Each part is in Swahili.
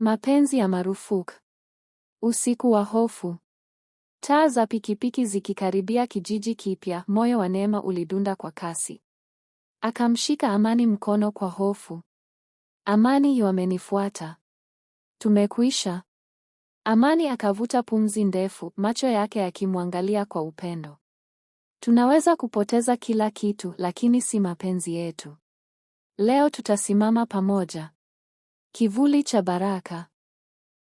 Mapenzi ya marufuku. Usiku wa hofu. Taa za pikipiki zikikaribia kijiji kipya, moyo wa Neema ulidunda kwa kasi. Akamshika Amani mkono kwa hofu. Amani, wamenifuata. Tumekwisha. Amani akavuta pumzi ndefu, macho yake yakimwangalia kwa upendo. Tunaweza kupoteza kila kitu, lakini si mapenzi yetu. Leo tutasimama pamoja. Kivuli cha Baraka.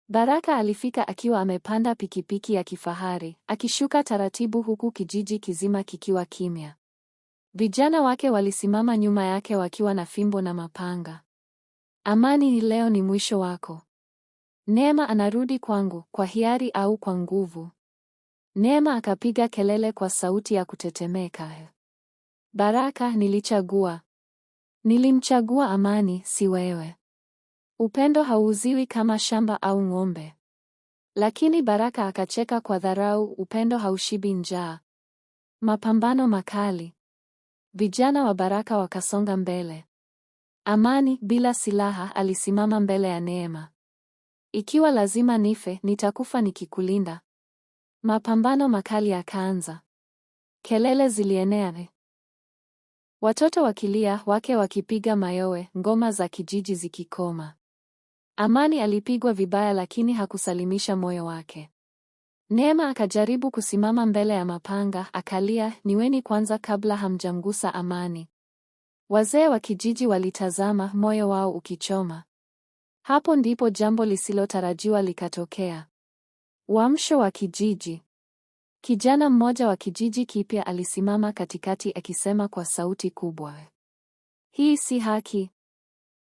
Baraka alifika akiwa amepanda pikipiki ya kifahari, akishuka taratibu huku kijiji kizima kikiwa kimya. Vijana wake walisimama nyuma yake wakiwa na fimbo na mapanga. Amani leo ni mwisho wako. Neema anarudi kwangu kwa hiari au kwa nguvu. Neema akapiga kelele kwa sauti ya kutetemeka. Baraka, nilichagua. Nilimchagua Amani, si wewe. Upendo hauuziwi kama shamba au ng'ombe. Lakini Baraka akacheka kwa dharau, upendo haushibi njaa. Mapambano makali. Vijana wa Baraka wakasonga mbele. Amani bila silaha alisimama mbele ya Neema. Ikiwa lazima nife, nitakufa nikikulinda. Mapambano makali yakaanza. Kelele zilienea, watoto wakilia, wake wakipiga mayowe, ngoma za kijiji zikikoma. Amani alipigwa vibaya lakini hakusalimisha moyo wake. Neema akajaribu kusimama mbele ya mapanga, akalia, niweni kwanza kabla hamjamgusa Amani. Wazee wa kijiji walitazama, moyo wao ukichoma. Hapo ndipo jambo lisilotarajiwa likatokea. Uamsho wa kijiji. Kijana mmoja wa kijiji kipya alisimama katikati akisema kwa sauti kubwa, hii si haki,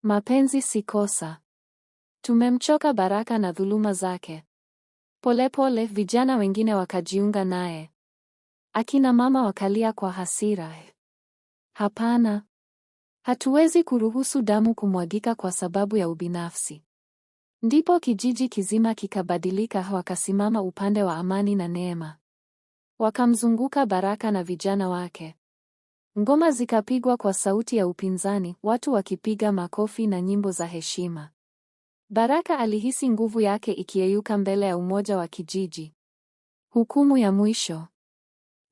mapenzi si kosa, Tumemchoka Baraka na dhuluma zake. Polepole vijana wengine wakajiunga naye. Akina mama wakalia kwa hasira. Hapana. Hatuwezi kuruhusu damu kumwagika kwa sababu ya ubinafsi. Ndipo kijiji kizima kikabadilika, wakasimama upande wa amani na neema. Wakamzunguka Baraka na vijana wake. Ngoma zikapigwa kwa sauti ya upinzani, watu wakipiga makofi na nyimbo za heshima. Baraka alihisi nguvu yake ikiyeyuka mbele ya umoja wa kijiji. Hukumu ya mwisho.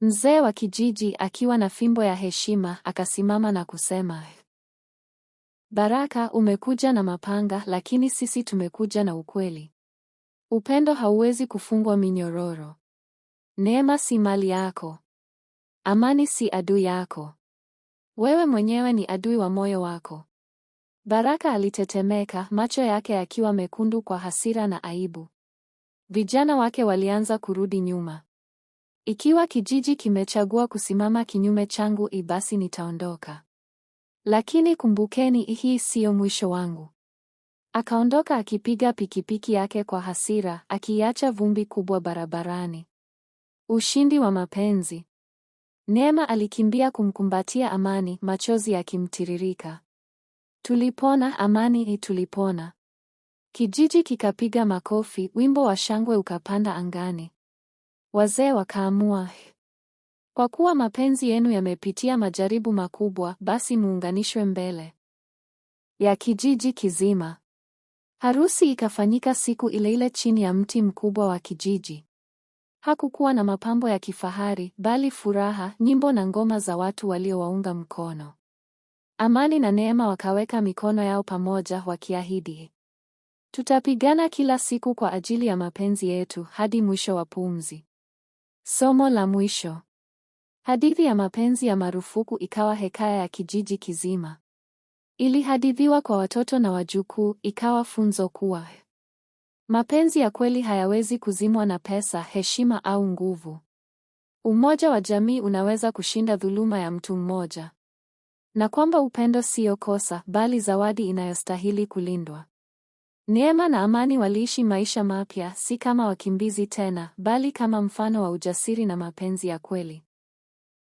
Mzee wa kijiji akiwa na fimbo ya heshima akasimama na kusema, Baraka, umekuja na mapanga, lakini sisi tumekuja na ukweli. Upendo hauwezi kufungwa minyororo. Neema si mali yako, amani si adui yako. Wewe mwenyewe ni adui wa moyo wako. Baraka alitetemeka, macho yake yakiwa mekundu kwa hasira na aibu. Vijana wake walianza kurudi nyuma. Ikiwa kijiji kimechagua kusimama kinyume changu, ibasi nitaondoka, lakini kumbukeni, hii siyo mwisho wangu. Akaondoka akipiga pikipiki yake kwa hasira, akiacha vumbi kubwa barabarani. Ushindi wa mapenzi. Neema alikimbia kumkumbatia Amani, machozi yakimtiririka. Tulipona amani, tulipona. Kijiji kikapiga makofi, wimbo wa shangwe ukapanda angani. Wazee wakaamua, kwa kuwa mapenzi yenu yamepitia majaribu makubwa, basi muunganishwe mbele ya kijiji kizima. Harusi ikafanyika siku ile ile chini ya mti mkubwa wa kijiji. Hakukuwa na mapambo ya kifahari, bali furaha, nyimbo na ngoma za watu waliowaunga mkono. Amani na Neema wakaweka mikono yao pamoja wakiahidi, tutapigana kila siku kwa ajili ya mapenzi yetu hadi mwisho wa pumzi. Somo la mwisho. Hadithi ya mapenzi ya marufuku ikawa hekaya ya kijiji kizima. Ilihadithiwa kwa watoto na wajukuu, ikawa funzo kuwa mapenzi ya kweli hayawezi kuzimwa na pesa, heshima au nguvu. Umoja wa jamii unaweza kushinda dhuluma ya mtu mmoja na kwamba upendo siyo kosa, bali zawadi inayostahili kulindwa. Neema na Amani waliishi maisha mapya, si kama wakimbizi tena, bali kama mfano wa ujasiri na mapenzi ya kweli.